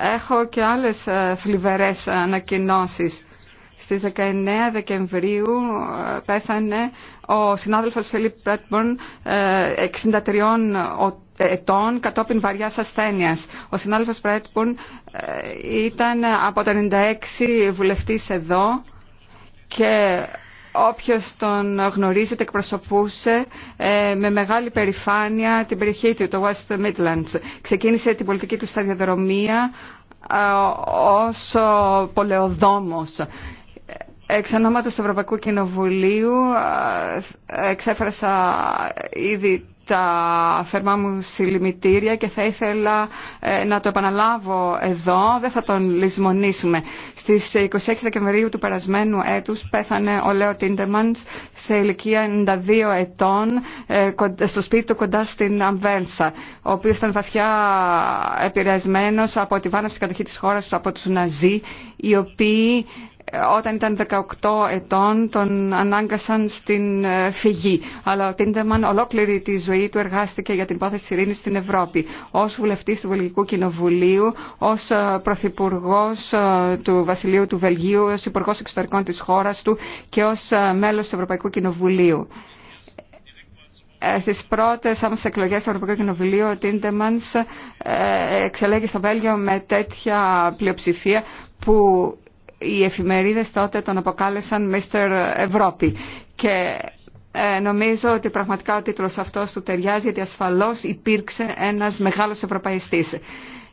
έχω και άλλες ε, θλιβερές ανακοινώσεις. Στις 19 Δεκεμβρίου ε, πέθανε ο συνάδελφος Φιλίπ Πρέτμπορν 63 ετών κατόπιν βαριάς ασθένειας. Ο συνάδελφος Πρέτμπορν ε, ήταν από το 96 βουλευτής εδώ και όποιος τον γνωρίζει, το εκπροσωπούσε ε, με μεγάλη περηφάνεια την περιοχή του, το West Midlands. Ξεκίνησε την πολιτική του σταδιοδρομία ε, ως πολεοδόμος. Εξ ονόματος του Ευρωπαϊκού Κοινοβουλίου ε, εξέφρασα ήδη τα θερμά μου συλλημητήρια και θα ήθελα ε, να το επαναλάβω εδώ, δεν θα τον λησμονήσουμε. Στις 26 ε, Δεκεμβρίου του περασμένου έτους πέθανε ο Λέο Τίντεμαντς σε ηλικία 92 ετών ε, στο σπίτι του κοντά στην Αμβέρσα, ο οποίος ήταν βαθιά επηρεασμένος από τη βάναυση κατοχή της χώρας του από τους Ναζί, οι οποίοι όταν ήταν 18 ετών τον ανάγκασαν στην φυγή. Αλλά ο Τίντεμαν ολόκληρη τη ζωή του εργάστηκε για την υπόθεση ειρήνης στην Ευρώπη. Ως βουλευτή του Βελγικού Κοινοβουλίου, ως ε, Πρωθυπουργό ε, του Βασιλείου του Βελγίου, ως υπουργό εξωτερικών της χώρας του και ως ε, μέλος του Ευρωπαϊκού Κοινοβουλίου στι πρώτε άμεσε εκλογέ του Ευρωπαϊκού Κοινοβουλίου, ο Τίντεμαν εξελέγει στο Βέλγιο με τέτοια πλειοψηφία που οι εφημερίδες τότε τον αποκάλεσαν Mr. Ευρώπη. Ε, νομίζω ότι πραγματικά ο τίτλος αυτός του ταιριάζει γιατί ασφαλώς υπήρξε ένας μεγάλος ευρωπαϊστής.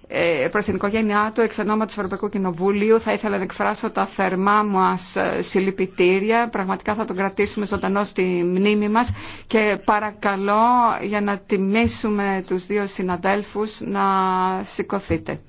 Ε, προς την οικογένειά του, εξ ονόματος Ευρωπαϊκού Κοινοβουλίου, θα ήθελα να εκφράσω τα θερμά μας ε, συλληπιτήρια. Πραγματικά θα τον κρατήσουμε ζωντανό στη μνήμη μας και παρακαλώ για να τιμήσουμε τους δύο συναδέλφους να σηκωθείτε.